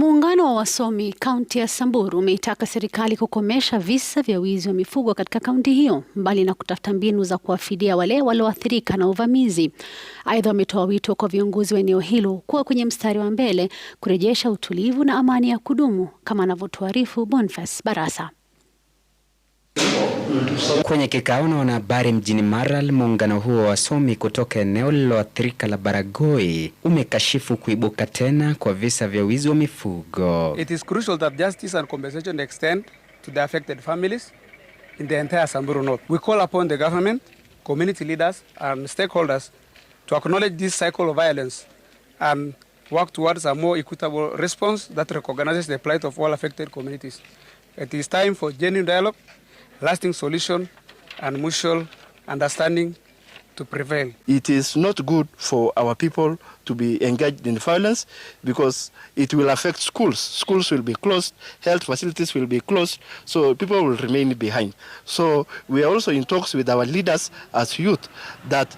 Muungano wa wasomi kaunti ya Samburu umeitaka serikali kukomesha visa vya wizi wa mifugo katika kaunti hiyo, mbali na kutafuta mbinu za kuwafidia wale walioathirika na uvamizi. Aidha, wametoa wito kwa viongozi wa eneo hilo kuwa kwenye mstari wa mbele kurejesha utulivu na amani ya kudumu, kama anavyotuarifu bonfas Barasa. Kwenye kikao na wanahabari mjini Maral, muungano huo wa wasomi kutoka eneo lililoathirika la Baragoi umekashifu kuibuka tena kwa visa vya wizi wa mifugo. It is crucial that justice and compensation extend to the affected families in the entire Samburu North. We call upon the government, community leaders and stakeholders to acknowledge this cycle of violence and work towards a more equitable response that recognizes the plight of all affected communities. It is time for genuine dialogue lasting solution and mutual understanding to prevail. It is not good for our people to be engaged in violence because it will affect schools. Schools will be closed, health facilities will be closed, so people will remain behind. So we are also in talks with our leaders as youth that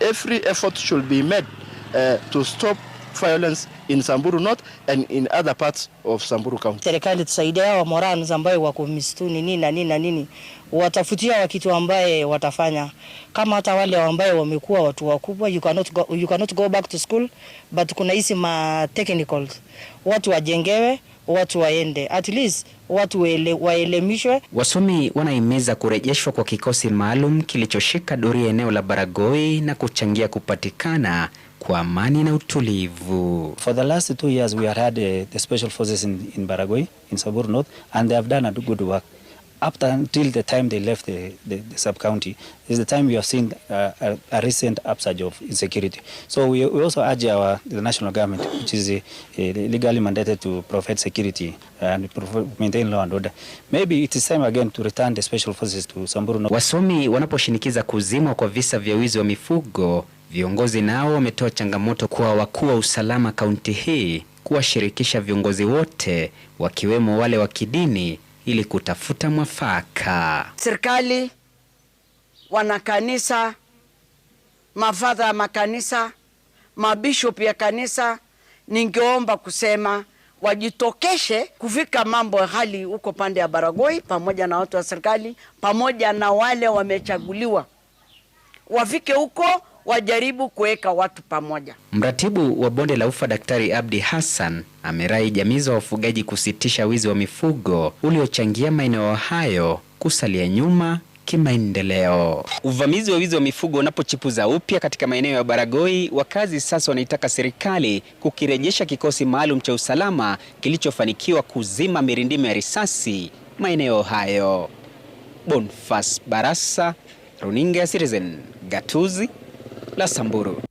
every effort should be made uh, to stop violence in Samburu North and in other parts of Samburu County. Serikali tusaidia hawa morans ambayo wako msituni nini na nini na nini, watafutia kitu ambaye watafanya, kama hata wale ambaye wamekuwa watu wakubwa, you cannot go, you cannot go back to school, but kuna hizi ma technicals watu wajengewe watu waende at least watu waele, waelemishwe. Wasomi wanahimiza kurejeshwa kwa kikosi maalum kilichoshika doria eneo la Baragoi na kuchangia kupatikana kwa amani na utulivu. For the last two years we have had uh, the special forces in, in Baraguay, in Sabur North, and they have done a good work. Up until the time they left the, the, the sub-county is the time we have seen uh, a, a recent upsurge of insecurity. So we, we also urge our, the national government, which is uh, uh legally mandated to provide security and maintain law and order. Maybe it is time again to return the special forces to Samburu North. Wasomi wanaposhinikiza kuzimwa kwa visa vya wizi wa mifugo Viongozi nao wametoa changamoto kwa wakuu wa usalama kaunti hii kuwashirikisha viongozi wote wakiwemo wale wa kidini ili kutafuta mwafaka. Serikali, wanakanisa, mafadha ya makanisa, mabishop ya kanisa, ningeomba kusema wajitokeshe kufika mambo ya hali huko pande ya Baragoi, pamoja na watu wa serikali, pamoja na wale wamechaguliwa, wafike huko wajaribu kuweka watu pamoja. Mratibu wa bonde la ufa Daktari Abdi Hassan amerai jamii za wafugaji kusitisha wizi wa mifugo uliochangia maeneo hayo kusalia nyuma kimaendeleo. Uvamizi wa wizi wa mifugo unapochipuza upya katika maeneo ya Baragoi, wakazi sasa wanaitaka serikali kukirejesha kikosi maalum cha usalama kilichofanikiwa kuzima mirindimo ya risasi maeneo hayo. Bonfas Barasa, Runinga ya Citizen, Gatuzi Samburu.